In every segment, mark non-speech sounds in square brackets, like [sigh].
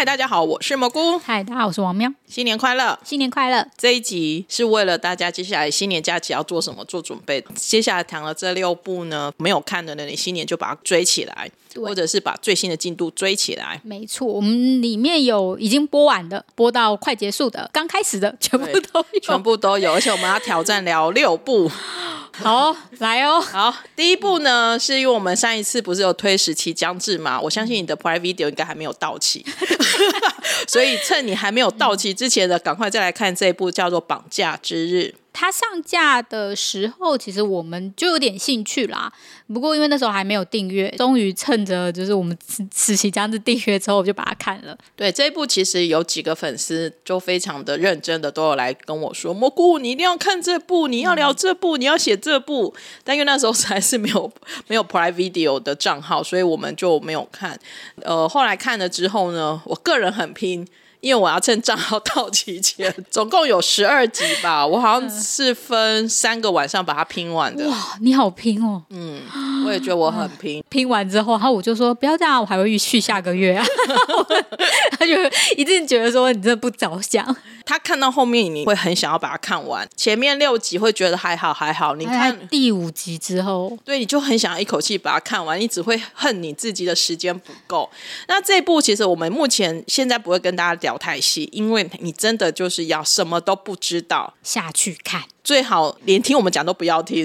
嗨，Hi, 大家好，我是蘑菇。嗨，大家好，我是王喵。新年快樂，新年快樂。這一集是為了大家接下來新年假期要做什麼做準備。接下來談了這六部呢，沒有看的，那你新年就把它追起來，對或者是把最新的進度追起來。沒錯，我們裡面有已經播完的，播到快結束的，剛開始的，全部都有，全部都有。 [laughs] 而且我們要挑戰聊六部。好，來哦！好，第一部呢，是因為我們上一次不是有推時期將至嘛？我相信你的 private video 應該還沒有到期， [laughs] [laughs] 所以趁你還沒有到期之前呢，趕快再來看這一部叫做《綁架之日》。它上架的時候，其實我們就有點興趣啦。不過因為那時候還沒有訂閱，終於趁着就是我們實習這樣子訂閱之後，我就把它看了。對，這一部，其實有幾個粉絲就非常的認真的，都有來跟我說：“蘑菇，你一定要看這部，你要聊這部，嗯、你要寫這部。”但因為那時候還是沒有沒有 Prime Video 的賬號，所以我們就沒有看。呃，後來看了之後呢，我個人很拼。因為我要趁賬號到期前，總共有十二集吧，我好像是分三個晚上把它拼完的。哇，你好拼哦！嗯，我也覺得我很拼。啊、拼完之後，然後我就說不要這樣，我還會續下個月啊。 [laughs] 他就一定覺得說你真的不着想。他看到後面，你會很想要把它看完。前面六集會覺得還好還好，你看第五集之後，對，你就很想要一口氣把它看完。你只會恨你自己的時間不夠。那這一部其實我們目前現在不會跟大家聊太細，因為你真的就是要什麼都不知道，下去看。最好連聽我們講都不要聽， [laughs]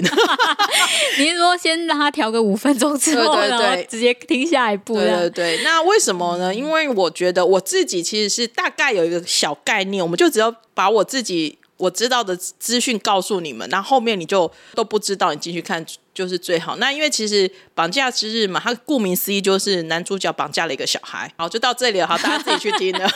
你是說先讓他調個五分鐘之後，對對對，然後直接聽下一步？對對對。那為什麼呢？因為我覺得我自己其實是大概有一個小概念，我們就只要把我自己我知道的資訊告訴你們，然後後面你就都不知道，你進去看就是最好。那因為其實《綁架之日》嘛，他顧名思義就是男主角綁架了一個小孩，好，就到這裡了哈，大家自己去聽了。 [laughs]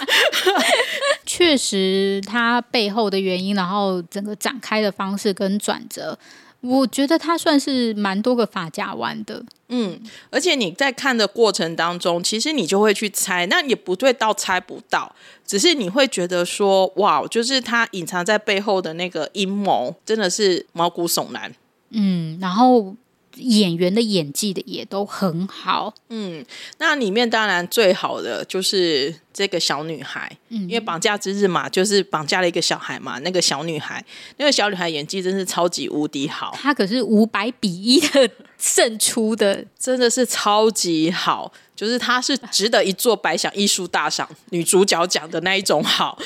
確實，它背後的原因，然後整個展開的方式跟轉折，我覺得它算是蠻多個髮夾彎的。嗯，而且你在看的過程當中，其實你就會去猜，那也不對到猜不到，只是你會覺得說，哇，就是它隱藏在背後的那個陰謀，真的是毛骨悚然。嗯，然後演員的演技的也都很好。嗯，那裡面當然最好的就是。這個小女孩，因為綁架之日嘛，就是綁架了一個小孩嘛。那個小女孩，那個小女孩演技真是超級無敵好，她可是五百比一的勝出的， [laughs] 真的是超級好，就是她是值得一座百想藝術大賞 [laughs] 女主角講的那一種好，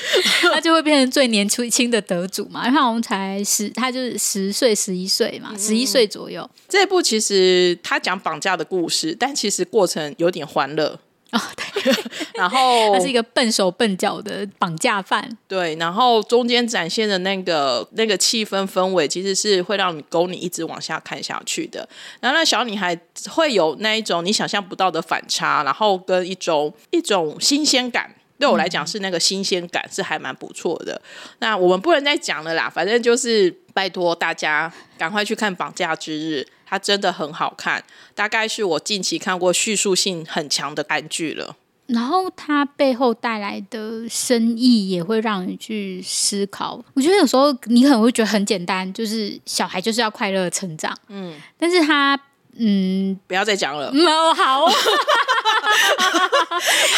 她 [laughs] 就會變成最年輕的得主嘛。因為我們才十，她就是十歲、十一歲嘛，十一歲左右。嗯、這部其實她講綁架的故事，但其實過程有點歡樂。哦、對， [laughs] 然後它是一個笨手笨腳的綁架犯。對，然後中間展現的那個那個氣氛氛圍，其實是會讓你勾你一直往下看下去的。然後那小女孩會有那一種你想象不到的反差，然後跟一種一種新鮮感，對我來講是那個新鮮感是還蠻不錯的。嗯、那我們不能再講了啦，反正就是拜託大家趕快去看《綁架之日》。它真的很好看，大概是我近期看過敘述性很強的韓劇了。然後它背後帶來的深意也會讓你去思考。我覺得有時候你可能會覺得很簡單，就是小孩就是要快樂成長。嗯，但是他嗯不要再講了。沒有、嗯、好、哦， [laughs] [laughs]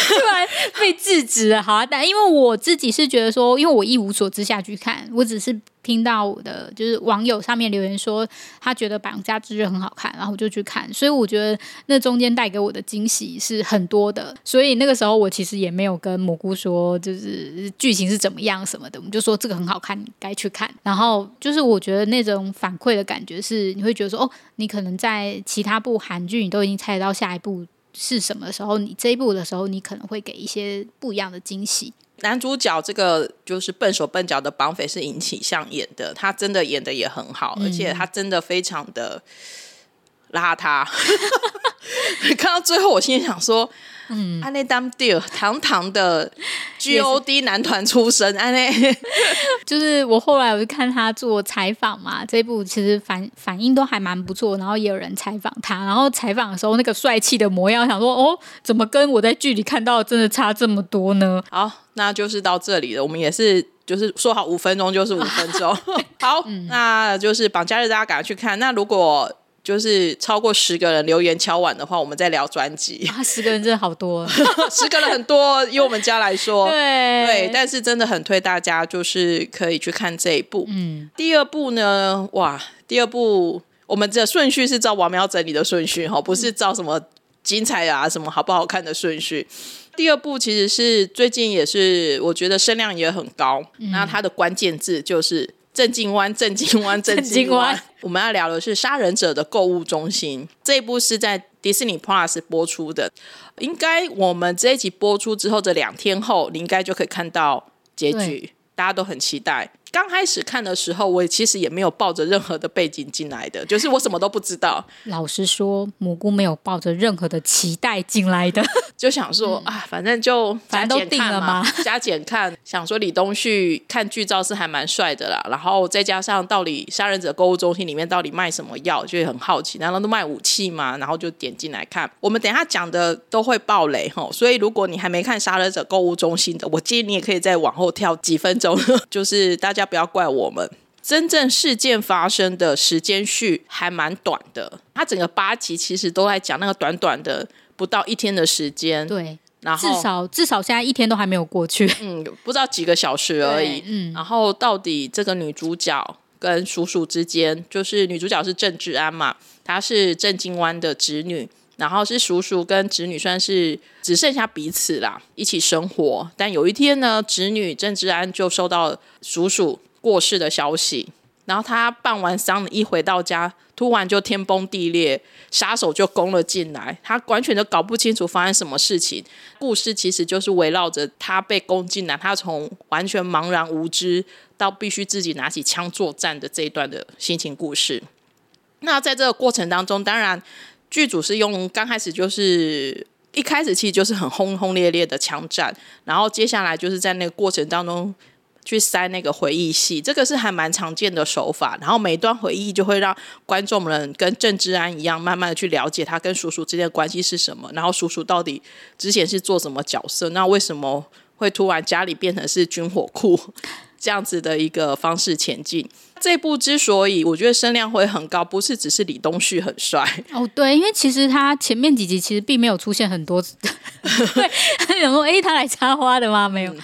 突然被制止了。好、啊，但因為我自己是覺得說，因為我一無所知下去看，我只是。聽到我的就是網友上面留言說，他覺得《綁架之日》很好看，然後我就去看，所以我覺得那中間帶給我的驚喜是很多的。所以那個時候我其實也沒有跟蘑菇說，就是劇情是怎麼樣什麼的，我們就說這個很好看，你該去看。然後就是我覺得那種反饋的感覺是，你會覺得說，哦，你可能在其他部韓劇，你都已經猜得到下一部是什麼時候，你這一部的時候你可能會給一些不一樣的驚喜。男主角這個就是笨手笨腳的綁匪是尹啟相演的，他真的演的也很好，嗯、而且他真的非常的邋遢。 [laughs] 看到最後，我心裡想說。嗯，安內當地堂堂的 GOD 男團出身，安內就是我後來我就看他做採訪嘛，這一部其實反反應都還蠻不錯，然後也有人採訪他，然後採訪的時候那個帥氣的模樣，想說哦，怎麼跟我在劇裡看到的真的差這麼多呢？好，那就是到這裡了，我們也是就是說好五分鐘就是五分鐘， [laughs] 好，嗯、那就是《綁架日》大家趕快去看，那如果。就是超過十個人留言敲碗的話，我們再聊專輯啊！十個人真的好多， [laughs] 十個人很多。 [laughs] 以我們家來說，對對，但是真的很推大家，就是可以去看這一部。嗯，第二部呢？哇，第二部我們的順序是照王苗整理的順序哈，不是照什麼精彩啊，嗯、什麼好不好看的順序。第二部其實是最近也是我覺得聲量也很高，嗯、那它的關鍵字就是。正經灣，正經灣，正經灣。正我們要聊的是《殺人者的購物中心》這一部是在迪士尼 Plus 播出的，應該我們這一集播出之後的兩天後，你應該就可以看到結局，對大家都很期待。剛開始看的時候，我其實也沒有抱着任何的背景進來的，就是我什麼都不知道。老實說，蘑菇沒有抱着任何的期待進來的， [laughs] 就想說、嗯、啊，反正就反正都定了嘛，加減看。想說李東旭看劇照是還蠻帥的啦，然後再加上到底殺人者購物中心裡面到底賣什麼藥，就很好奇，難道都賣武器嗎？然後就點進來看。我們等一下講的都會爆雷吼，所以如果你還沒看《殺人者購物中心》的，我建議你也可以再往後跳幾分鐘，就是大家。大家不要怪我們，真正事件發生的時間序還蠻短的。它整個八集其實都在講那個短短的不到一天的時間，對，然後至少至少現在一天都還沒有過去，嗯，不到幾個小時而已，嗯。然後到底這個女主角跟叔叔之間，就是女主角是鄭治安嘛，她是鄭經灣的侄女。然後是叔叔跟侄女算是只剩下彼此啦，一起生活。但有一天呢，侄女鄭志安就收到叔叔過世的消息。然後他辦完喪禮，一回到家，突然就天崩地裂，殺手就攻了進來。他完全都搞不清楚發生什麼事情。故事其實就是圍繞着他被攻進來，他從完全茫然無知到必須自己拿起槍作戰的這一段的心情故事。那在這個過程當中，當然。劇組是用剛開始就是一開始其實就是很轟轟烈烈的槍戰，然後接下來就是在那個過程當中去塞那個回憶戲，這個是還蠻常見的手法。然後每一段回憶就會讓觀眾們跟鄭智安一樣，慢慢的去了解他跟叔叔之間的關係是什麼，然後叔叔到底之前是做什麼角色，那為什麼會突然家裡變成是軍火庫？這樣子的一個方式前進，這部之所以我覺得聲量會很高，不是只是李東旭很帥哦，對，因為其實他前面幾集其實並沒有出現很多， [laughs] 對，很有？哎、欸，他來插花的嗎？沒有、嗯，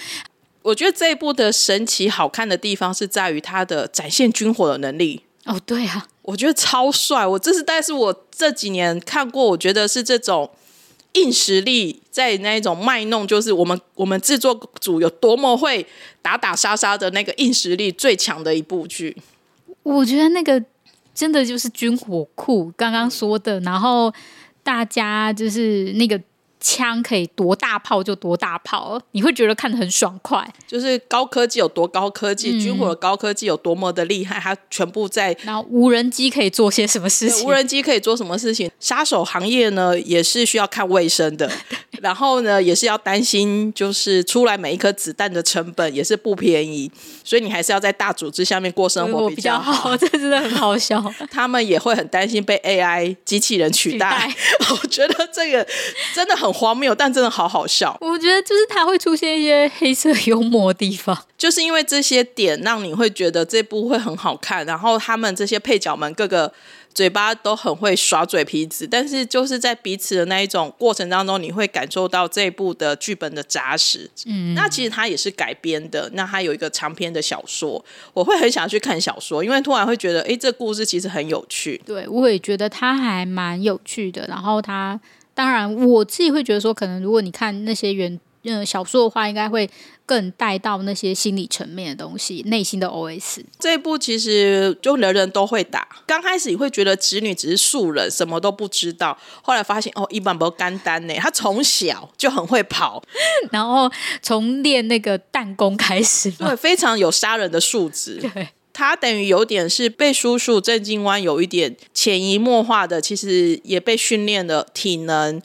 我覺得這一部的神奇好看的地方是在於他的展現軍火的能力哦，對啊，我覺得超帥，我這是但是我這幾年看過，我覺得是這種。硬實力在那種賣弄，就是我們我們製作組有多麼會打打殺殺的那個硬實力最強的一部劇，我覺得那個真的就是軍火庫剛剛說的，然後大家就是那個。槍可以多大炮就多大炮，你會覺得看得很爽快，就是高科技有多高科技，嗯、軍火的高科技有多麼的厲害，它全部在。然後無人機可以做些什麼事情？無人機可以做什麼事情？殺手行業呢，也是需要看衛生的，對然後呢，也是要擔心，就是出來每一顆子彈的成本也是不便宜，所以你還是要在大組織下面過生活比較好。較好，這真的很好笑， [laughs] 他們也會很擔心被 AI 機器人取代。取代 [laughs] 我覺得這個真的很。荒謬，但真的好好笑。我覺得就是它會出現一些黑色幽默的地方，就是因為這些點讓你會覺得這部會很好看。然後他們這些配角們各個嘴巴都很會耍嘴皮子，但是就是在彼此的那一種過程當中，你會感受到這部的劇本的扎實。嗯，那其實它也是改編的，那它有一個長篇的小說，我會很想去看小說，因為突然會覺得，哎，這故事其實很有趣。對，我也覺得它還蠻有趣的。然後它。當然，我自己會覺得說，可能如果你看那些原嗯小說的話，應該會更帶到那些心理層面的東西，內心的 OS。這一部其實就人人都會打，剛開始你會覺得侄女只是素人，什麼都不知道，後來發現哦，一般不簡單呢，她從小就很會跑， [laughs] 然後從練那個彈弓開始，對，非常有殺人的素質。 [laughs] 對。他等於有點是被叔叔鄭敬灣有一點潛移默化的，其實也被訓練的體能、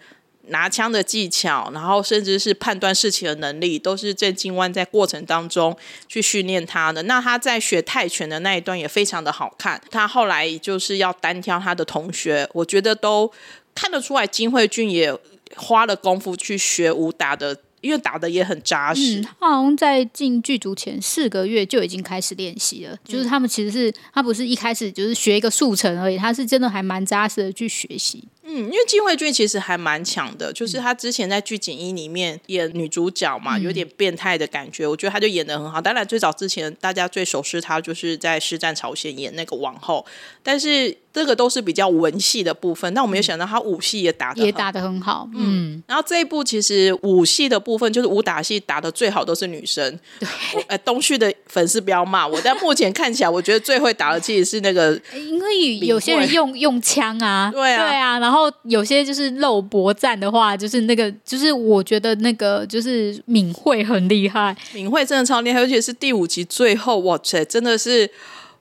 拿槍的技巧，然後甚至是判斷事情的能力，都是鄭敬灣在過程當中去訓練他的。那他在學泰拳的那一段也非常的好看。他後來就是要單挑他的同學，我覺得都看得出來，金惠俊也花了功夫去學武打的。因為打得也很扎實。嗯，他好像在進劇組前四個月就已經開始練習了。嗯，就是他們其實是他不是一開始就是學一個速成而已，他是真的還蠻扎實的去學習。嗯，因為金惠俊其實還蠻強的，就是他之前在《劇錦衣》裡面演女主角嘛，有點變態的感覺，嗯、我覺得他就演的很好。當然，最早之前大家最熟悉他就是在《屍戰朝鮮》演那個王後，但是這個都是比較文戲的部分。那我沒有想到他武戲也打的也打的很好，嗯。嗯，然後這一部其實武戲的部分，就是武打戲打的最好都是女生。對，棟旭的粉絲不要罵我。但目前看起來，我覺得最會打的其實是那個，因為有些人用用槍啊，對啊，然後。然後有些就是肉搏戰的話，就是那個，就是我覺得那個就是敏慧很厲害，敏慧真的超厲害，尤其是第五集最後，哇塞，真的是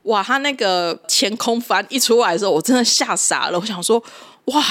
哇，他那個前空翻一出來的時候，我真的嚇傻了，我想說，哇，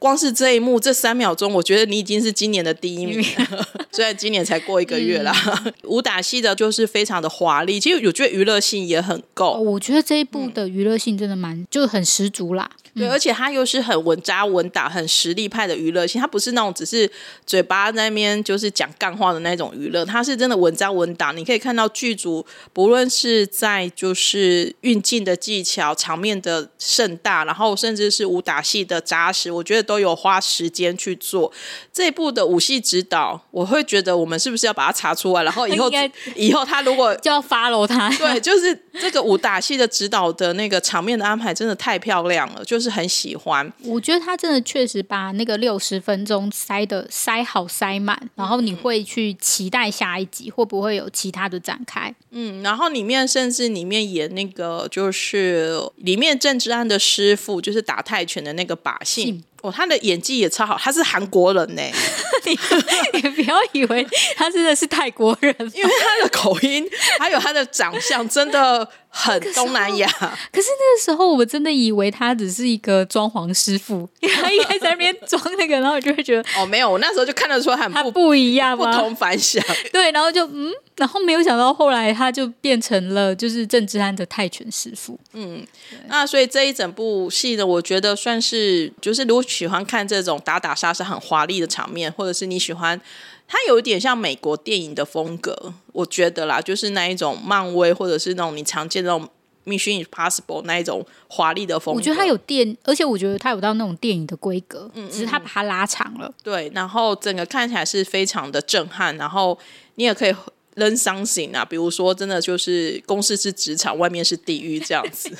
光是這一幕這三秒鐘，我覺得你已經是今年的第一名， [laughs] 雖然今年才過一個月啦。嗯、武打戲的就是非常的華麗，其實我覺得娛樂性也很夠，哦、我覺得這一部的娛樂性真的蠻，嗯、就很十足啦。對，而且他又是很穩紮穩打、很實力派的娛樂性，他不是那種只是嘴巴那邊就是講幹話的那種娛樂，他是真的穩紮穩打。你可以看到劇組不論是在就是運鏡的技巧、場面的盛大，然後甚至是武打戲的紮實，我覺得都有花時間去做這一部的武戲指導。我會覺得我們是不是要把它查出來？然後以後應該，以後他如果就要 follow 他，對，就是這個武打戲的指導的那個場面的安排真的太漂亮了，就是。很喜歡，我覺得他真的確實把那個六十分鐘塞得塞好塞滿，然後你會去期待下一集會不會有其他的展開。嗯，然後裡面甚至裡面演那個就是裡面鄭智安的師傅，就是打泰拳的那個把勢，嗯、哦，他的演技也超好，他是韓國人呢、欸。 [laughs] 你不要以為他真的是泰國人，因為他的口音還有他的長相真的。很東南亞， [laughs] 可是那個時候我真的以為他只是一個裝潢師傅， [laughs] 他應該在那邊裝那個，然後我就會覺得哦，沒有，我那時候就看得出不他不一樣，不同凡響。 [laughs] 對，然後就嗯，然後沒有想到後來他就變成了就是鄭智安的泰拳師傅。嗯，對那所以這一整部戲呢，我覺得算是就是，如果喜歡看這種打打殺殺很華麗的場面，或者是你喜歡。它有一點像美國電影的風格，我覺得啦，就是那一種漫威或者是那種你常見那種 Mission Impossible 那一種華麗的風格。我覺得它有電，而且我覺得它有到那種電影的規格，嗯嗯，只是它把它拉長了。對，然後整個看起來是非常的震撼。然後你也可以 learn something 啊，比如說真的就是公司是職場，外面是地獄這樣子。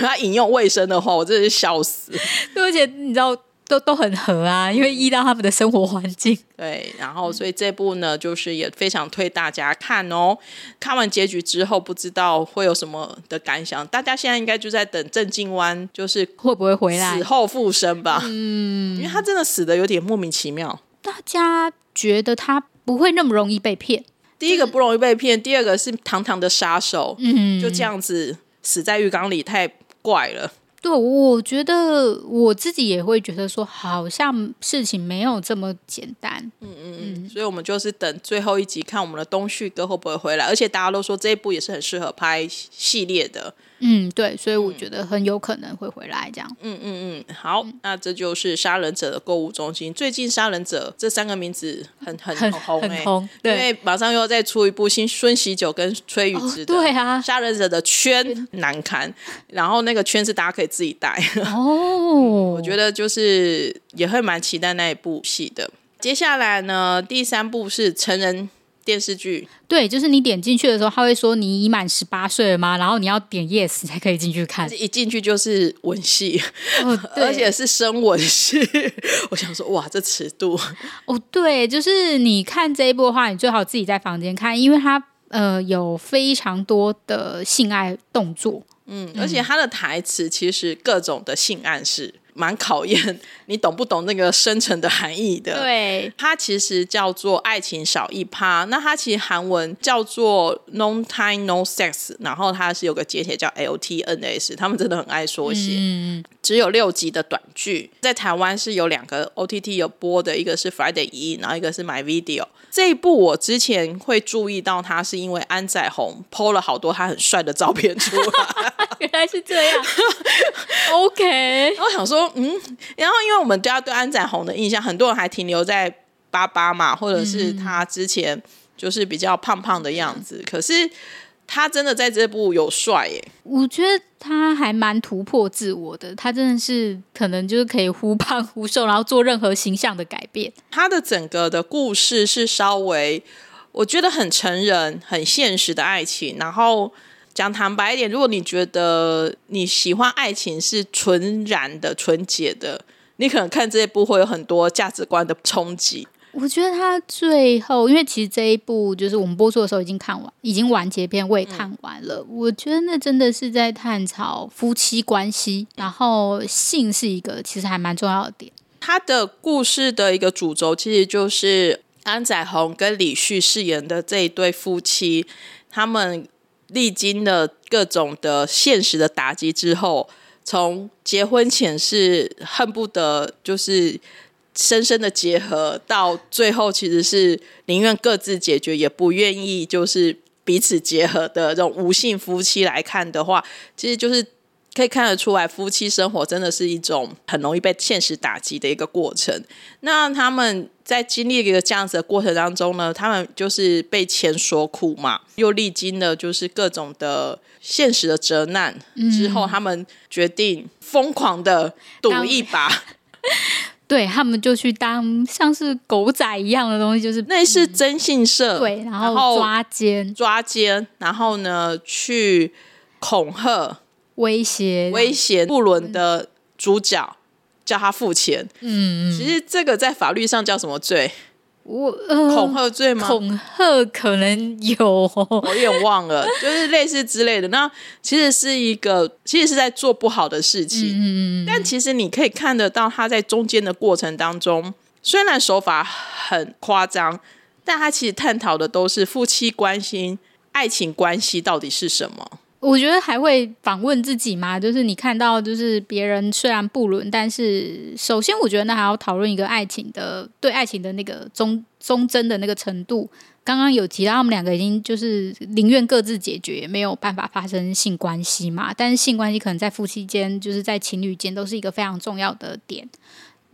他引 [laughs] 用衛生的話，我真的是笑死。而且你知道。都都很合啊，因為依到他們的生活環境。對，然後所以這部呢，就是也非常推大家看哦。看完結局之後，不知道會有什麼的感想。大家現在應該就在等鄭靜灣，就是會不會回來死後復生吧？嗯，因為他真的死的有點莫名其妙。大家覺得他不會那麼容易被騙？第一個不容易被騙，第二個是堂堂的殺手，嗯哼，就這樣子死在浴缸裡，太怪了。對，我覺得我自己也會覺得說，好像事情沒有這麼簡單。嗯嗯嗯，嗯，所以我們就是等最後一集，看我們的東旭哥會不會回來。而且大家都說這一部也是很適合拍系列的。嗯，對，所以我覺得很有可能會回來這樣。嗯嗯嗯，好，嗯、那這就是殺人者的購物中心。最近殺人者這三個名字很很很，很，紅、欸、很紅，對，因為馬上又要再出一部新孫錫久跟崔宇植的、哦，對啊，殺人者的圈難堪，然後那個圈是大家可以自己帶哦。 [laughs] 我覺得就是也會蠻期待那一部戲的。接下來呢，第三部是成人電視劇對，就是你點進去的時候，他會說你已滿十八歲了嗎？然後你要點 yes 才可以進去看。一進去就是吻戲，嗯哦、對、而且是生吻戲。我想說，哇，這尺度！哦，對，就是你看這一部的話，你最好自己在房間看，因為它呃有非常多的性愛動作，嗯，而且它的台詞其實各種的性暗示。蠻考驗你懂不懂那個深層的含義的。對，它其實叫做愛情少一啪，那它其實韓文叫做 Long Time No Sex，然後它是有個簡寫叫 L T N S，他們真的很愛縮寫。嗯，只有六集的短劇，在台灣是有兩個 O T T 有播的，一個是 Friday 一，然後一個是 My Video。這一部我之前會注意到他，是因為安宰弘 po 了好多他很帥的照片出來。 [laughs] 原來是這樣 [laughs] ，OK。我想說，嗯，然後因為我們都要對安宰弘的印象，很多人還停留在八八嘛，或者是他之前就是比較胖胖的樣子，嗯、可是。他真的在這部有帥耶，我覺得他還蠻突破自我的，他真的是可能就是可以忽胖忽瘦，然後做任何形象的改變。他的整個的故事是稍微，我覺得很成人、很現實的愛情，然後講坦白一點，如果你覺得你喜歡愛情是純然的、純潔的，你可能看這一部會有很多價值觀的衝擊。我覺得他最後，因為其實這一部就是我們播出的時候已經看完，已經完結篇，我也看完了。嗯、我覺得那真的是在探討夫妻關係，嗯、然後性是一個其實還蠻重要的點。他的故事的一個主軸，其實就是安宰弘跟李旭飾演的這一對夫妻，他們歷經了各種的現實的打擊之後，從結婚前是恨不得就是。深深的結合到最後，其實是寧願各自解決，也不願意就是彼此結合的這種無性夫妻來看的話，其實就是可以看得出來，夫妻生活真的是一種很容易被現實打擊的一個過程。那他們在經歷一個這樣子的過程當中呢，他們就是被錢所苦嘛，又歷經了就是各種的現實的折難、嗯、之後，他們決定瘋狂的賭一把。 [laughs] 對，他們就去當像是狗仔一樣的東西，就是那是徵信社、嗯，然後抓奸、抓奸，然後呢去恐嚇、威脅、威脅不倫的主角，嗯、叫他付錢。嗯嗯，其實這個在法律上叫什麼罪？我、呃、恐嚇罪嗎？恐嚇可能有、哦，我也忘了， [laughs] 就是類似之類的。那其實是一個，其實是在做不好的事情。嗯，嗯，嗯。但其實你可以看得到，他在中間的過程當中，雖然手法很誇張，但他其實探討的都是夫妻關係、愛情關係到底是什麼。我覺得還會反問自己嘛，就是你看到就是別人雖然不倫，但是首先我覺得那還要討論一個愛情的對愛情的那個忠忠貞的那個程度。剛剛有提到他們兩個已經就是寧願各自解決，沒有辦法發生性關係嘛。但是性關係可能在夫妻間，就是在情侶間都是一個非常重要的點。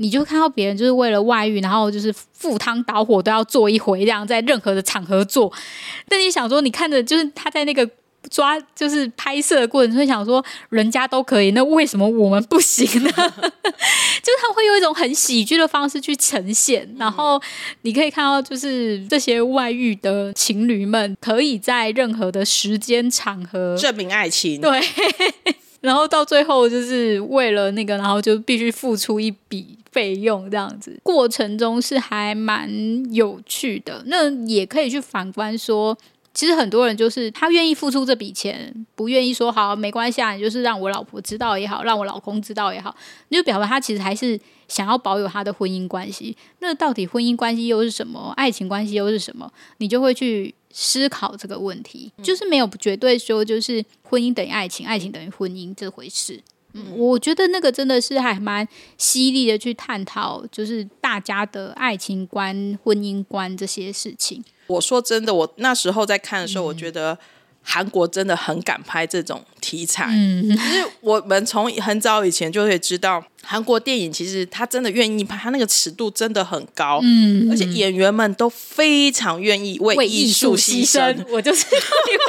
你就看到別人就是為了外遇，然後就是赴湯蹈火都要做一回，這樣在任何的場合做。但你想說，你看着就是他在那個。抓就是拍攝的過程中，會想說人家都可以，那為什麼我們不行呢？ [laughs] 就是他會用一種很喜劇的方式去呈現，然後你可以看到，就是這些外遇的情侶們可以在任何的時間場合證明愛情。對， [laughs] 然後到最後就是為了那個，然後就必須付出一筆費用，這樣子過程中是還蠻有趣的。那也可以去反觀說。其實很多人就是他願意付出這筆錢，不願意說好沒關係啊，你就是讓我老婆知道也好，讓我老公知道也好，你就表達他其實還是想要保有他的婚姻關係。那到底婚姻關係又是什麼？愛情關係又是什麼？你就會去思考這個問題，就是沒有絕對說就是婚姻等於愛情，愛情等於婚姻這回事。嗯，我覺得那個真的是還蠻犀利的，去探討就是大家的愛情觀、婚姻觀這些事情。我說真的，我那時候在看的時候，嗯、哼我覺得韓國真的很敢拍這種題材。嗯哼，其實我們從很早以前就會知道，韓國電影其實它真的願意拍，它那個尺度真的很高。嗯哼，而且演員們都非常願意為藝術犧牲。我就是因為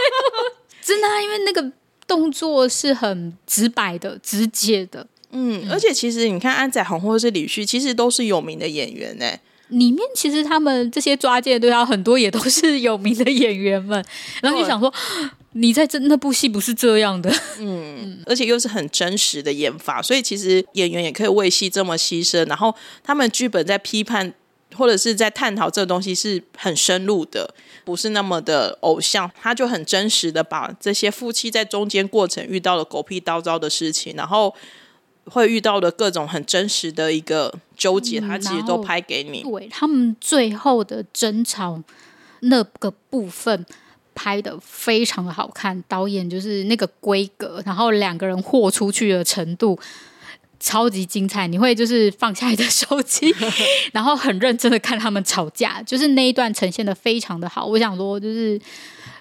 [laughs] 真的，啊，因為那個。動作是很直白的，直接的，嗯，而且其實你看安宰弘或者是李旭，其實都是有名的演員哎，欸。裡面其實他們這些抓奸對象很多也都是有名的演員們，然後就想說，嗯啊、你在這那部戲不是這樣的，嗯，嗯而且又是很真實的演法，所以其實演員也可以為戲這麼犧牲。然後他們劇本在批判。或者是在探討這東西是很深入的，不是那麼的偶像，他就很真實的把這些夫妻在中間過程遇到的狗屁倒灶的事情，然後會遇到的各種很真實的一個糾結，他其實都拍給你。嗯、對他們最後的爭吵那個部分拍得非常的好看，導演就是那個規格，然後兩個人豁出去的程度。超級精彩！你會就是放下你的手機， [laughs] 然後很認真的看他們吵架，就是那一段呈現的非常的好。我想說，就是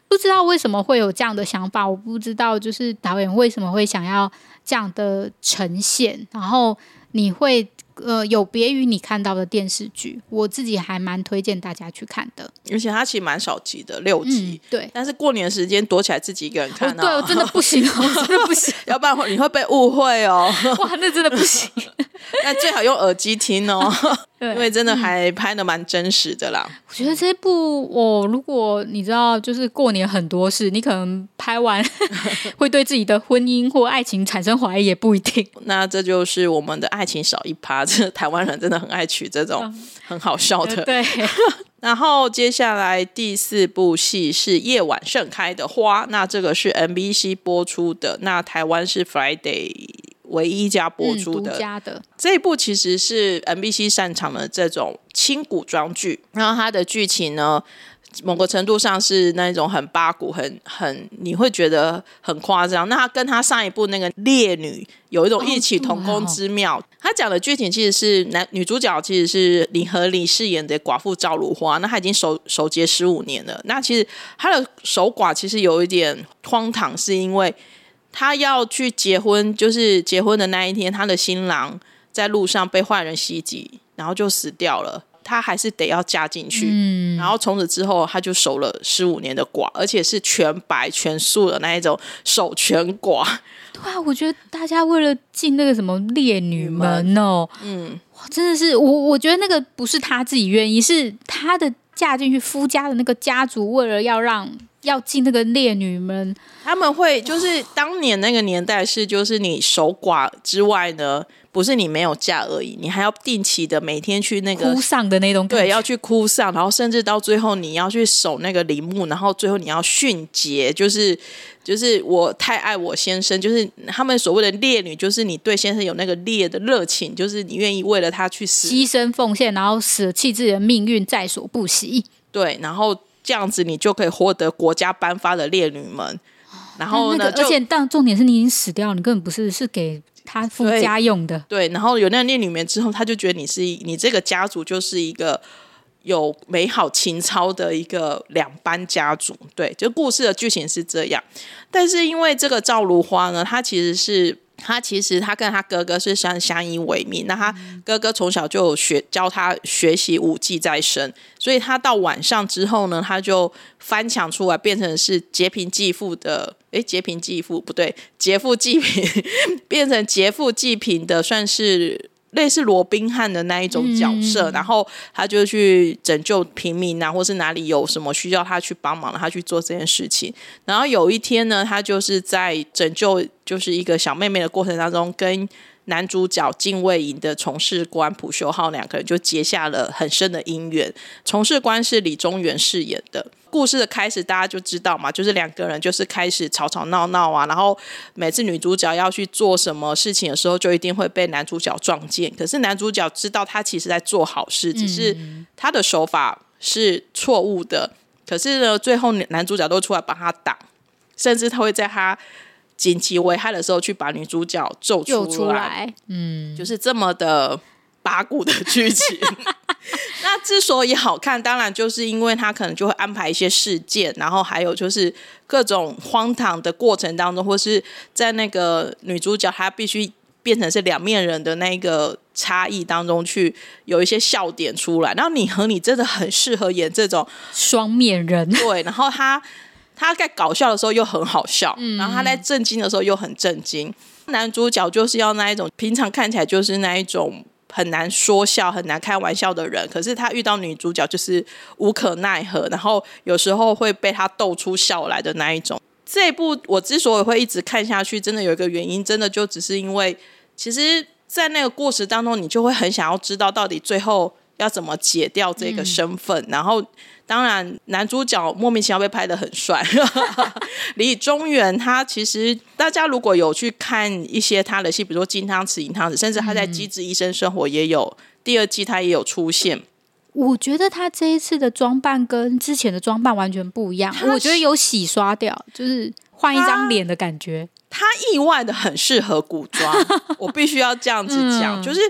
不知道為什麼會有這樣的想法，我不知道就是導演為什麼會想要這樣的呈現，然後你會。呃，有別於你看到的電視劇，我自己還蠻推薦大家去看的。而且它其實蠻少集的，六集、嗯。對，但是過年的時間躲起來自己一個人看、哦哦，對、哦，真的不行哦，真的不行，真的不行。要不然你會被誤會哦。哇，那真的不行。 [laughs] 那最好用耳機聽哦。 [laughs] 對啊、因為真的還拍的蠻真實的啦。我覺得這部我如果你知道，就是過年很多事，你可能拍完會對自己的婚姻或愛情產生懷疑，也不一定。 [laughs] 那這就是我們的愛情少一趴，這台灣人真的很愛取這種很好笑的。嗯、對，對。 [laughs] 然後接下來第四部戲是《夜晚盛開的花》，那這個是 MBC 播出的，那台灣是 Friday。唯一,一家播出的、嗯、的這一部其實是 MBC 擅長的這種輕古裝劇，然後它的劇情呢，某個程度上是那一種很八股，很很你會覺得很誇張。那他跟他上一部那個《烈女》有一種異曲同工之妙。他講、哦啊哦、的劇情其實是男女主角其實是李荷妮飾演的寡婦趙如花，那她已經守守節十五年了。那其實她的守寡其實有一點荒唐，是因為。她要去結婚，就是結婚的那一天，她的新郎在路上被壞人襲擊，然後就死掉了。她還是得要嫁進去，嗯，然後從此之後，她就守了十五年的寡，而且是全白全素的那一種守全寡。對啊，我覺得大家為了進那個什麼烈女門哦，喔，嗯，真的是我，我覺得那個不是她自己願意，是她的嫁進去夫家的那個家族為了要讓。要敬那個烈女們，他們會就是當年那個年代是，就是你守寡之外呢，不是你沒有嫁而已，你還要定期的每天去那個哭喪的那種，對，要去哭喪，然後甚至到最後你要去守那個陵墓，然後最後你要殉節，就是就是我太愛我先生，就是他們所謂的烈女，就是你對先生有那個烈的熱情，就是你願意為了他去死，犧牲奉獻，然後捨棄自己的命運在所不惜。對，然後。這樣子你就可以獲得國家頒發的烈女門，然後呢，那個、就而且但重點是你已經死掉了，你根本不是是給他付家用的。對，對，然後有那個烈女門之後，他就覺得你是你這個家族就是一個有美好情操的一個兩班家族。對，就故事的劇情是這樣，但是因為這個趙如花呢，她其實是。他其實他跟他哥哥是相相依為命，那他哥哥從小就有學教他學習武技在身，所以他到晚上之後呢，他就翻牆出來，變成是劫貧濟富的。哎，劫貧濟富，不對，劫富濟貧，變成劫富濟貧的，算是類似羅賓漢的那一種角色。嗯、然後他就去拯救平民啊，或是哪裡有什麼需要他去幫忙，讓他去做這件事情。然後有一天呢，他就是在拯救。就是一個小妹妹的過程當中，跟男主角禁衛營的從事官朴修浩兩個人就結下了很深的姻緣。從事官是李宗元飾演的。故事的開始，大家就知道嘛，就是兩個人就是開始吵吵鬧鬧啊。然後每次女主角要去做什麼事情的時候，就一定會被男主角撞見。可是男主角知道他其實在做好事，只是他的手法是錯誤的。可是呢，最後男主角都出來幫他擋，甚至他會在他。緊急危害的時候，去把女主角救出來，嗯，就是這麼的八股的劇情。 [laughs] [laughs] 那之所以好看，當然就是因為他可能就會安排一些事件，然後還有就是各種荒唐的過程當中，或是在那個女主角她必須變成是兩面人的那個差異當中去有一些笑點出來。然後你和你真的很適合演這種雙面人，對，然後他。他在搞笑的時候又很好笑，嗯。然後他在震驚的時候又很震驚。男主角就是要那一種平常看起來就是那一種很難說笑、很難開玩笑的人，可是他遇到女主角就是無可奈何，然後有時候會被他逗出笑來的那一種。這一部我之所以會一直看下去，真的有一個原因，真的就只是因為，其實，在那個故事當中，你就會很想要知道到底最後。要怎麼解掉這個身份？嗯、然後，當然，男主角莫名其妙被拍得很帥。 [laughs] 李鍾元他其實，大家如果有去看一些他的戲，比如說《金湯匙》《金湯匙》《銀湯匙》，甚至他在《機智醫生生活》也有、嗯、第二季，他也有出現。我覺得他這一次的裝扮跟之前的裝扮完全不一樣。他我覺得有洗刷掉，就是換一張臉的感覺他。他意外的很適合古裝， [laughs] 我必須要這樣子講，嗯、就是。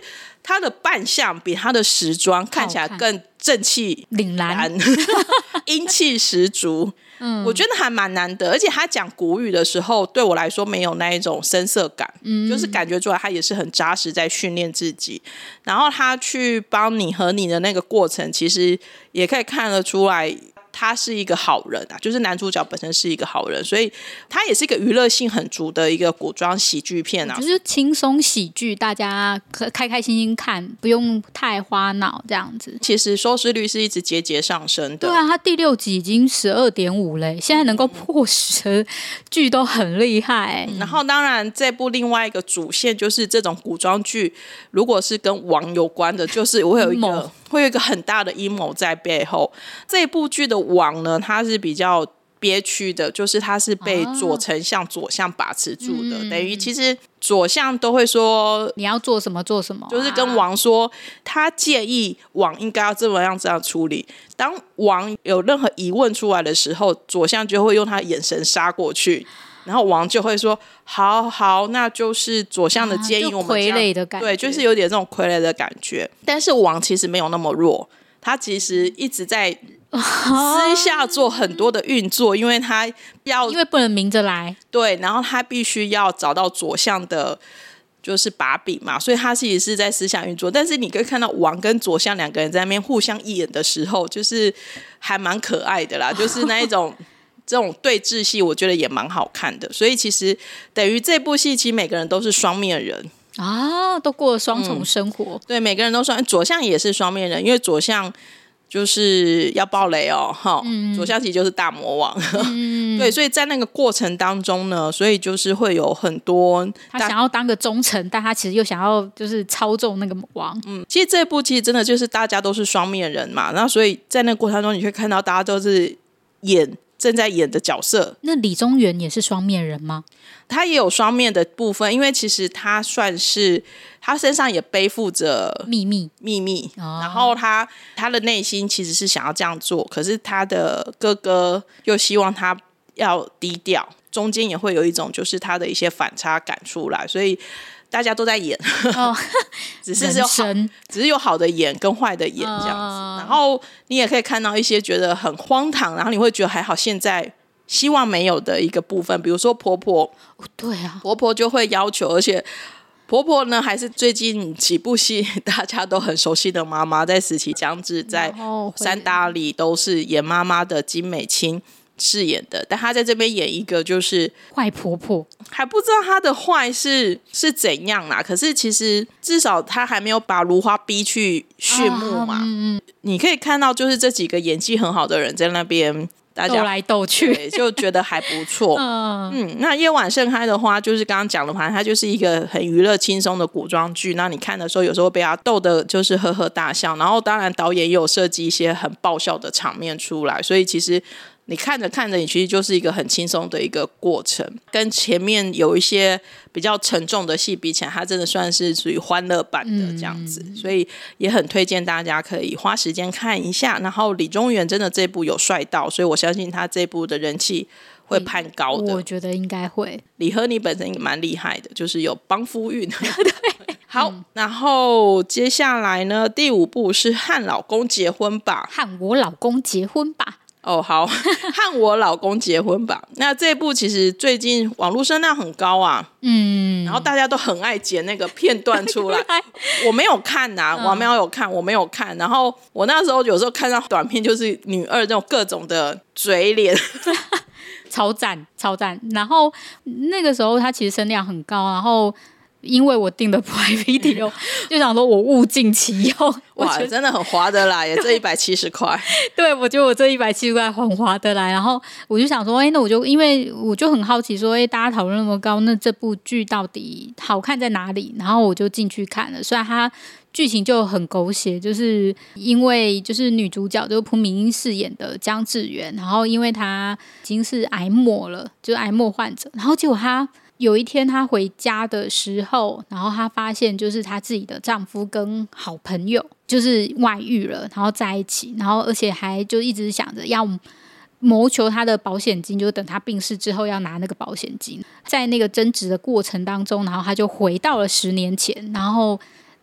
他的扮相，比他的時裝看起來更正氣看，凜然，英氣十足。嗯，我覺得還蠻難得。而且他講古語的時候，對我來說沒有那一種生澀感，嗯，就是感覺出來他也是很扎實在訓練自己。然後他去幫你和你的那個過程，其實也可以看得出來。他是一個好人啊，就是男主角本身是一個好人，所以他也是一個娛樂性很足的一個古裝喜劇片啊，就是輕鬆喜劇，大家可開開心心看，不用太花腦這樣子。其實收視率是一直節節上升的，對啊，他第六集已經十二點五嘞，現在能夠破十的劇都很厲害。嗯嗯、然後當然這部另外一個主線就是這種古裝劇，如果是跟王有關的，就是我有一個。會有一個很大的陰謀在背後。這部劇的王呢，他是比較憋屈的，就是他是被左丞相左相把持住的，啊嗯、等於其實左相都會說你要做什麼做什麼、啊，就是跟王說他建議王應該要這麼樣這樣處理。當王有任何疑問出來的時候，左相就會用他眼神殺過去。然後王就會說：“好好，那就是左相的建議。”我們、啊、傀儡的感覺對，就是有點這種傀儡的感覺。但是王其實沒有那麼弱，他其實一直在私下做很多的運作，哦、因為他要，因為不能明着來。對，然後他必須要找到左相的，就是把柄嘛，所以他其實是在私下運作。但是你可以看到王跟左相兩個人在那邊互相演的時候，就是還蠻可愛的啦，就是那一種。哦呵呵這種對峙戲，我覺得也蠻好看的。所以其實等於這部戲，其實每個人都是雙面人啊，都過了雙重生活，嗯。對，每個人都說、嗯、左相也是雙面人，因為左相就是要爆雷哦，哈。嗯、左相其實就是大魔王，嗯、 [laughs] 對。所以在那個過程當中呢，所以就是會有很多他想要當個忠臣，但他其實又想要就是操縱那個王。嗯，其實這部其實真的就是大家都是雙面人嘛。然後所以在那個過程中，你會看到大家都是演。正在演的角色，那李宗元也是雙面人嗎？他也有雙面的部分，因為其實他算是他身上也背負着祕密祕密，然後他、哦、他的內心其實是想要這樣做，可是他的哥哥又希望他要低調，中間也會有一種就是他的一些反差感出來，所以。大家都在演，哦， [laughs] 只是有神只是有好的演跟壞的演這樣子，然後你也可以看到一些覺得很荒唐，然後你會覺得還好，現在希望沒有的一個部分，比如說婆婆，對啊，婆婆就會要求，而且婆婆呢還是最近幾部戲大家都很熟悉的媽媽，在死期將至、在三達里都是演媽媽的金美京。飾演的，但她在這邊演一個就是壞婆婆，還不知道她的壞是是怎樣啦。可是其實至少她還沒有把如花逼去序幕嘛。啊嗯、你可以看到，就是這幾個演技很好的人在那邊大家鬥來鬥去，就覺得還不錯。嗯呵嗯。那夜晚盛開的花，就是剛剛講的話，反正它就是一個很娛樂輕鬆的古裝劇。那你看的時候，有時候被他逗得就是呵呵大笑。然後當然導演也有設計一些很爆笑的場面出來，所以其實。你看着看着，你其實就是一個很輕鬆的一個過程，跟前面有一些比較沉重的戲比起來，它真的算是屬於歡樂版的這樣子，嗯、所以也很推薦大家可以花時間看一下。然後李宗元真的這部有帥到，所以我相信他這部的人氣會攀高的，我覺得應該會。李荷妮本身也蠻厲害的，就是有幫夫運。嗯、 [laughs] 對好，嗯、然後接下來呢，第五部是和老公結婚吧，和我老公結婚吧。哦，oh，好，和我老公結婚吧。 [laughs] 那這部其實最近網絡聲量很高啊，嗯，然後大家都很愛剪那個片段出來。 [laughs] [laughs] 我沒有看吶、啊，王淼、嗯、有看，我沒有看。然後我那時候有時候看到短片，就是女二這種各種的嘴臉 [laughs] [laughs] 超讚超讚。然後那個時候，她其實聲量很高，然後。因為我訂的 Prime Video 哦， [laughs] 就想說我物盡其用，哇，就是、真的很划得來， [laughs] 也這一百七十塊， [laughs] 對我覺得我這一百七十塊很划得來。然後我就想說，哎，那我就因為我就很好奇，說，哎，大家討論那麼高，那這部劇到底好看在哪裡？然後我就進去看了，雖然它劇情就很狗血，就是因為就是女主角就朴、是、敏英飾演的姜智媛，然後因為她已經是癌末了，就是癌末患者，然後結果她。有一天，她回家的時候，然後她發現就是她自己的丈夫跟好朋友就是外遇了，然後在一起，然後而且還就一直想着要謀求她的保險金，就等她病逝之後要拿那個保險金。在那個爭執的過程當中，然後她就回到了十年前，然後。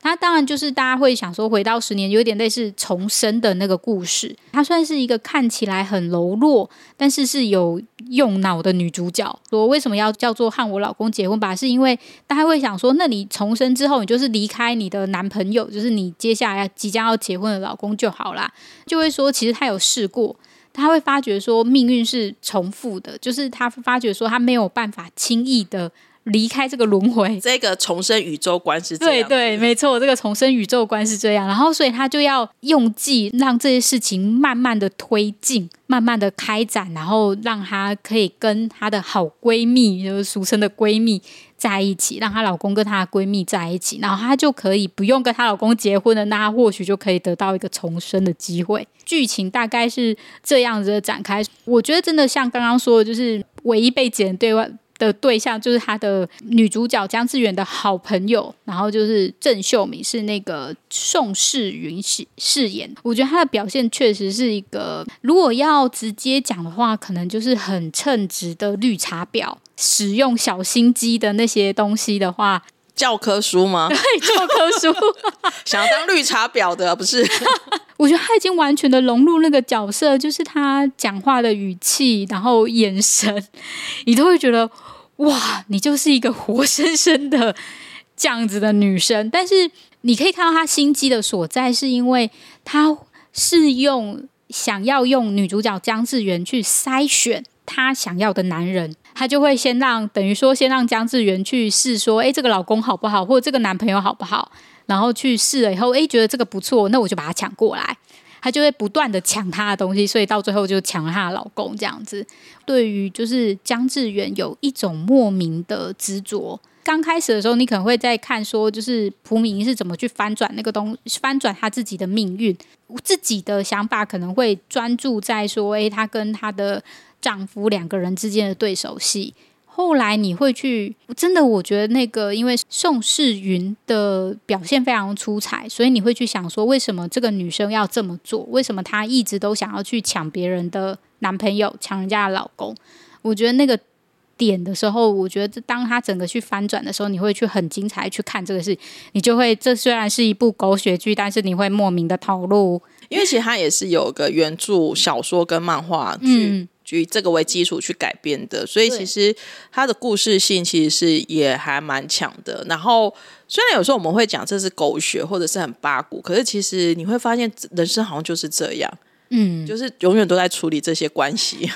那當然，就是大家會想說，回到十年有點類似重生的那個故事。她算是一個看起來很柔弱，但是是有用腦的女主角。我為什麼要叫做和我老公結婚吧？是因為大家會想說，那你重生之後，你就是離開你的男朋友，就是你接下來即將要結婚的老公就好啦。就會說，其實她有試過，她會發覺說，命運是重複的，就是她發覺說，她沒有辦法輕易的。離開這個輪迴，這個重生宇宙觀是這樣。對對，對對沒錯，這個重生宇宙觀是這樣。然後，所以他就要用計，讓這些事情慢慢的推進，慢慢的開展，然後讓她可以跟她的好閨蜜，就是俗稱的閨蜜在一起，讓她老公跟她的閨蜜在一起，然後她就可以不用跟她老公結婚了。那她或許就可以得到一個重生的機會。劇情大概是這樣子的展開。我覺得真的像剛剛說的，就是唯一被剪對外。的對象就是他的女主角姜志遠的好朋友，然後就是鄭秀敏，是那個宋世允，飾飾演。我覺得他的表現確實是一個，如果要直接講的話，可能就是很稱職的綠茶婊，使用小心機的那些東西的話。教科書嗎？對，教科書。 [laughs] [laughs] 想要當綠茶婊的不是？ [laughs] 我覺得他已經完全的融入那個角色，就是他講話的語氣，然後眼神，你都會覺得哇，你就是一個活生生的這樣子的女生。但是你可以看到他心機的所在，是因為他是用想要用女主角姜智媛去篩選他想要的男人。她就會先讓，等於說先讓姜志遠去試，說，哎，這個老公好不好，或者這個男朋友好不好，然後去試了以後，哎，覺得這個不錯，那我就把他搶過來。她就會不斷的搶她的東西，所以到最後就搶了她的老公這樣子。對於就是姜志遠有一種莫名的執着。剛開始的時候，你可能會在看說，就是朴敏英是怎麼去翻轉那個東，翻轉她自己的命運，自己的想法可能會專注在說，哎，她跟她的。丈夫兩個人之間的對手戲，後來你會去真的，我覺得那個因為宋昰昀的表現非常出彩，所以你會去想說，為什麼這個女生要這麼做？為什麼她一直都想要去搶別人的男朋友，搶人家的老公？我覺得那個點的時候，我覺得當她整個去翻轉的時候，你會去很精彩去看這個事，你就會這雖然是一部狗血劇，但是你會莫名的投入，因為其實它也是有個原著小說跟漫畫嗯。以這個為基礎去改編的，所以其實它的故事性其實是也還蠻強的。然後雖然有時候我們會講這是狗血或者是很八股，可是其實你會發現人生好像就是這樣，嗯，就是永遠都在處理這些關係。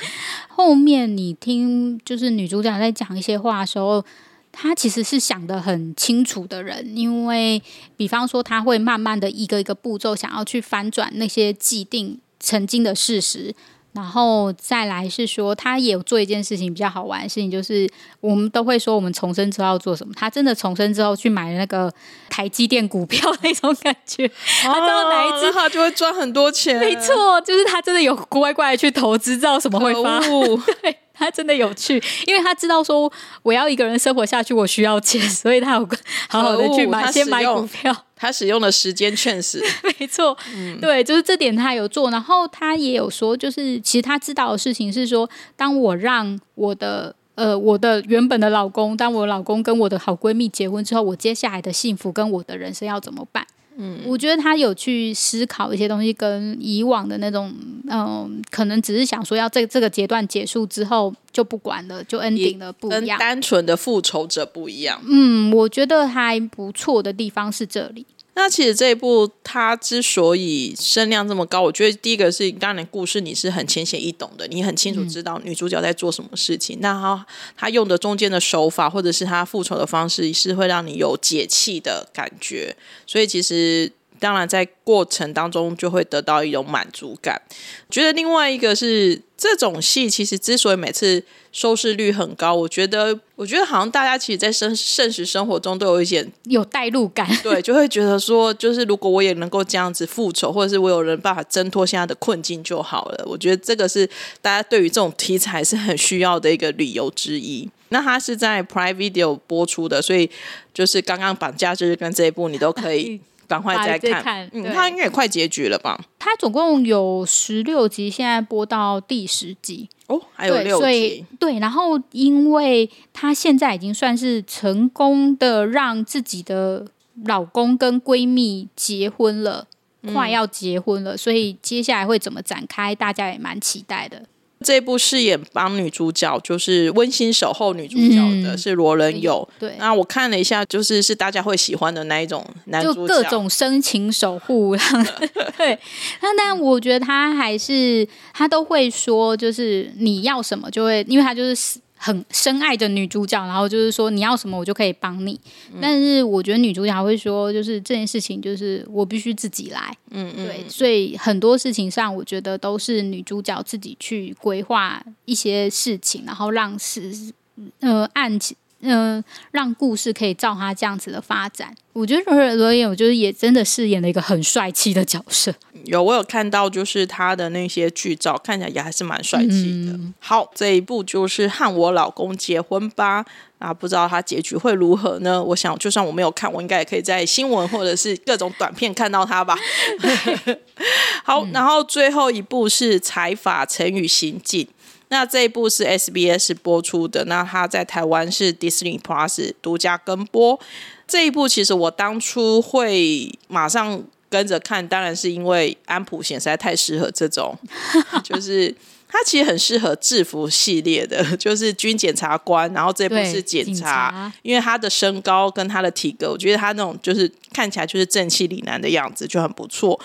後面你聽，就是女主角在講一些話的時候，她其實是想得很清楚的人，因為比方說她會慢慢的一個一個步驟，想要去翻轉那些既定曾經的事實。然後再來是說，他也有做一件事情比較好玩的事情，就是我們都會說我們重生之後要做什麼。他真的重生之後去買了那個台積電股票那種感覺。哦，他知道哪一支就會賺很多錢。沒錯，就是他真的有乖乖的去投資，知道什麼會發。可惡 [laughs] 對，他真的有趣，因為他知道說我要一個人生活下去，我需要錢，所以他有好好的去買他先買股票。他使用的時間確實 [laughs] 沒錯錯，嗯、對，就是這點他有做。然後他也有說，就是其實他知道的事情是說，當我讓我的呃我的原本的老公，當我老公跟我的好閨蜜結婚之後，我接下來的幸福跟我的人生要怎麼辦？嗯，我覺得他有去思考一些東西，跟以往的那種，嗯，可能只是想說要這，要在這個階段結束之後就不管了，就 ending 了，不一樣，跟單純的復仇者不一樣。嗯，我覺得還不錯的地方是這裡。那其實這一部它之所以聲量這麼高，我覺得第一個是當然故事你是很淺顯易懂的，你很清楚知道女主角在做什麼事情。嗯、那她她用的中間的手法，或者是她復仇的方式，是會讓你有解氣的感覺。所以其實。當然，在過程當中就會得到一種滿足感。覺得另外一個是這種戲，其實之所以每次收視率很高，我覺得，我覺得好像大家其實，在生現實生活中都有一些有代入感，對，就會覺得說，就是如果我也能夠這樣子復仇，或者是我有人辦法掙脫現在的困境就好了。我覺得這個是大家對於這種題材是很需要的一個理由之一。那它是在 Prime Video 播出的，所以就是剛剛《綁架之日》跟這一部，你都可以、哎。趕快再看，啊、再看嗯，對他應該也快結局了吧？他總共有十六集，現在播到第十集。哦，還有六集對。對，然後因為他現在已經算是成功的讓自己的老公跟閨蜜結婚了，嗯、快要結婚了，所以接下來會怎麼展開，大家也蠻期待的。這一部飾演幫女主角，就是溫馨守候女主角的是羅仁友、嗯。對，對。那我看了一下，就是是大家會喜歡的那一種男主角，就各種深情守護。的 [laughs] 對，那但我覺得他還是他都會說，就是你要什麼就會，因為他就是。很深愛的女主角，然後就是說你要什麼我就可以幫你，但是我覺得女主角還會說，就是這件事情就是我必須自己來，嗯，嗯對，所以很多事情上我覺得都是女主角自己去規劃一些事情，然後讓事呃案情。嗯、呃，讓故事可以照他這樣子的發展，我覺得羅羅我覺得也真的飾演了一個很帥氣的角色。有，我有看到，就是他的那些劇照，看起來也還是蠻帥氣的。嗯、好，這一部就是和我老公結婚吧，啊，不知道他結局會如何呢？我想，就算我沒有看，我應該也可以在新聞或者是各種短片看到他吧。 [laughs] 對 [laughs] 好，嗯、然後最後一部是《財閥乘以刑警》。那這一部是 SBS 播出的，那他在台灣是 Disney Plus 獨家跟播。這一部其實我當初會馬上跟着看，當然是因為安普賢實在太適合這種， [laughs] 就是他其實很適合制服系列的，就是軍檢察官。然後這部是檢察，警察，因為他的身高跟他的體格，我覺得他那種就是看起來就是正氣凛然的樣子，就很不錯。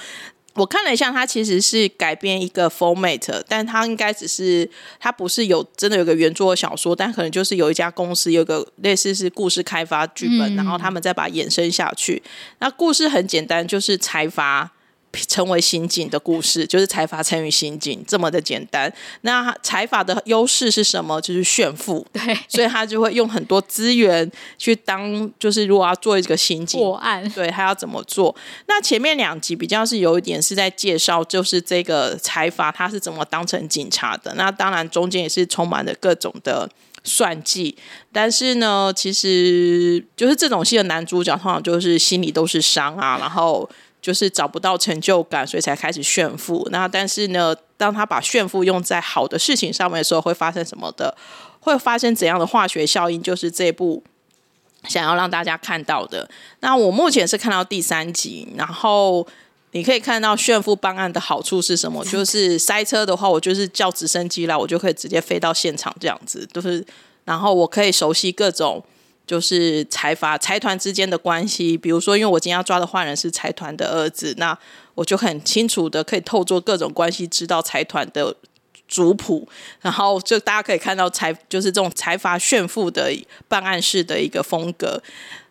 我看了一下，它其實是改編一個 format，但它應該只是它不是有真的有個原作的小說，但可能就是有一家公司有個類似是故事開發劇本，嗯、然後他們再把它衍生下去。那故事很簡單，就是財閥。成為刑警的故事，就是財閥參與刑警這麼的簡單。那財閥的優勢是什麼？就是炫富，對，所以他就會用很多資源去當，就是如果要做一個刑警破案，對，他要怎麼做？那前面兩集比較是有一點是在介紹，就是這個財閥他是怎麼當成警察的。那當然中間也是充滿了各種的算計，但是呢，其實就是這種戲的男主角通常就是心裡都是傷啊，然後。就是找不到成就感，所以才開始炫富。那但是呢，當他把炫富用在好的事情上面的時候，會發生什麼的？會發生怎樣的化學效應？就是這一部想要讓大家看到的。那我目前是看到第三集，然後你可以看到炫富辦案的好處是什麼？就是塞車的話，我就是叫直升機來，我就可以直接飛到現場這樣子。就是，然後我可以熟悉各種。就是財閥財團之間的關係，比如說，因為我今天要抓的壞人是財團的兒子，那我就很清楚的可以透過各種關係，知道財團的族譜，然後就大家可以看到財就是這種財閥炫富的辦案式的一個風格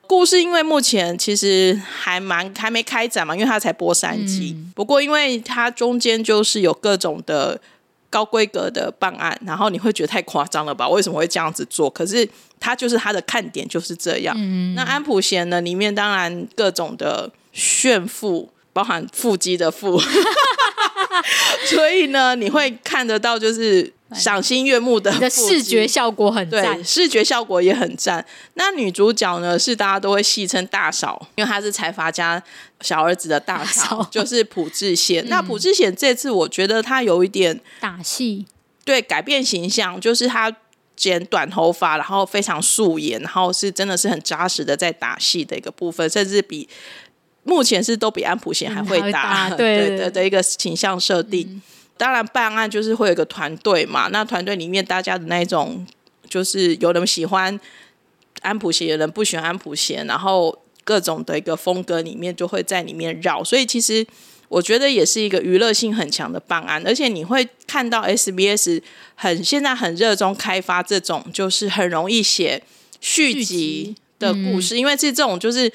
故事。因為目前其實還蠻還沒開展嘛，因為它才播三集，嗯、不過因為它中間就是有各種的。高規格的辦案，然後你會覺得太誇張了吧？為什麼會這樣子做？可是他就是他的看點就是這樣。嗯、那安普賢呢？裡面當然各種的炫富，包含腹肌的腹， [laughs] [laughs] [laughs] 所以呢，你會看得到就是。賞心悅目的，的視覺效果很讚，對，視覺效果也很讚。那女主角呢？是大家都會戲稱大嫂，因為她是財閥家小兒子的大嫂，大嫂就是朴智賢。嗯、那朴智賢這次，我覺得她有一點打戲，對，改變形象，就是她剪短頭髮，然後非常素顏，然後是真的是很扎實的在打戲的一個部分，甚至比目前是都比安普賢還會打，嗯、會打，對對的一個形象設定。嗯當然，辦案就是會有一個團隊嘛。那團隊裡面，大家的那種，就是有人喜歡安普賢，有人不喜歡安普賢，然後各種的一個風格裡面就會在裡面繞。所以，其實我覺得也是一個娛樂性很強的辦案，而且你會看到 SBS 很現在很熱衷開發這種，就是很容易寫續集的故事，嗯、因為是這種，就是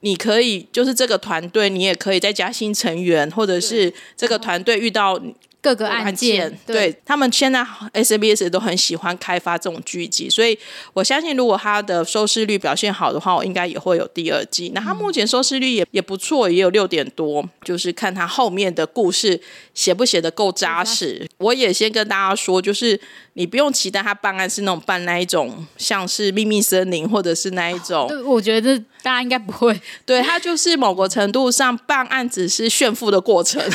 你可以，就是這個團隊，你也可以再加新成員，或者是這個團隊遇到。各個案件，案件對，對他們現在 S B S 都很喜歡開發這種劇集，所以我相信，如果它的收視率表現好的話，我應該也會有第二季。那它目前收視率也、嗯、也不錯，也有六點多，就是看它後面的故事寫不寫得夠扎實。我也先跟大家說，就是你不用期待他辦案是那種辦那一種，像是秘密森林或者是那一種。我覺得大家應該不會，對，他就是某個程度上辦案只是炫富的過程。 [laughs]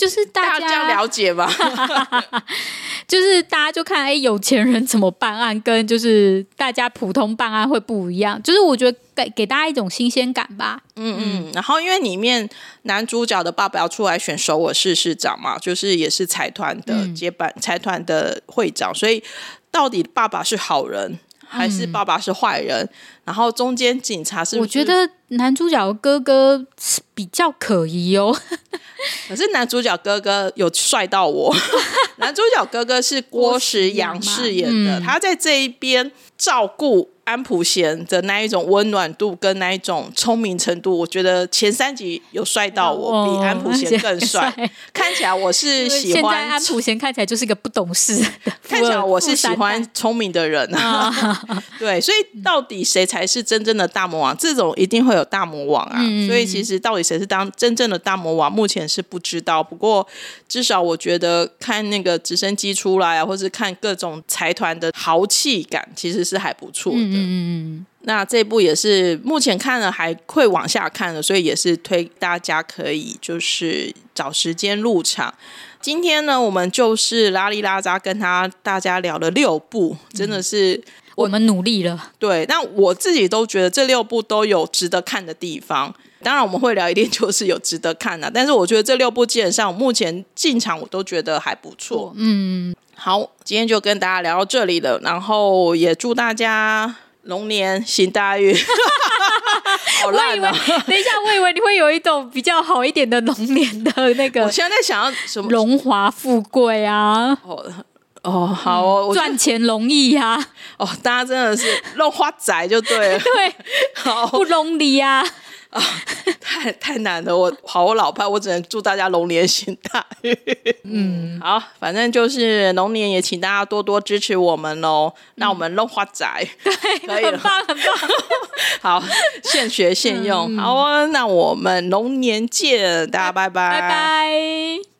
就是大家，大家了解嘛， [laughs] 就是大家就看哎、欸，有錢人怎麼辦案，跟就是大家普通辦案會不一樣。就是我覺得給給大家一種新鮮感吧。嗯嗯，然後因為裡面男主角的爸爸要出來選首爾市市長嘛，就是也是財團的接班，財團、嗯、的會長，所以到底爸爸是好人，還是爸爸是壞人，嗯、然後中間警察是，是、就是。我覺得男主角哥哥比較可疑哦。可是男主角哥哥有帥到我， [laughs] 男主角哥哥是郭時暘飾演的，嗯、他在這一邊照顧。安普賢的那一種溫暖度跟那一種聰明程度，我覺得前三集有帥到我，比安普賢更帥。哦嗯、帥，看起來我是喜歡安普賢，看起來就是一個不懂事。 [laughs] 看起來我是喜歡聰明的人啊。哦、 [laughs] 對，所以到底誰才是真正的大魔王？嗯、這種一定會有大魔王啊。所以其實到底誰是當真正的大魔王，目前是不知道。不過至少我覺得看那個直升機出來，或是看各種財團的豪氣感，其實是還不錯。嗯嗯嗯嗯，那這部也是目前看了，還會往下看的，所以也是推大家可以就是找時間入場。今天呢，我們就是拉哩拉雜跟他大家聊了六部，嗯、真的是我，我們努力了。對，那我自己都覺得這六部都有值得看的地方。當然我們會聊一定就是有值得看的，啊，但是我覺得這六部基本上我目前進場我都覺得還不錯。嗯，好，今天就跟大家聊到這裡了，然後也祝大家。龍年行大運， [laughs] 喔、我以為等一下，我以為你會有一種比較好一點的龍年的那個、啊。我現在，在想要什麼？榮華富貴啊！哦哦，好哦，賺、嗯、就錢容易啊！哦，大家真的是亂花宅就對了， [laughs] 對，好不龍易啊！啊 [laughs] 哦，太太難了！我好，我老派，我只能祝大家龍年行大運。 [laughs] 嗯，好，反正就是龍年也請大家多多支持我們嘍、哦。嗯、那我們弄花仔，對，可以很棒，很棒。 [laughs] 好，現學現用。嗯、好、啊，那我們龍年見，大家拜拜，拜拜。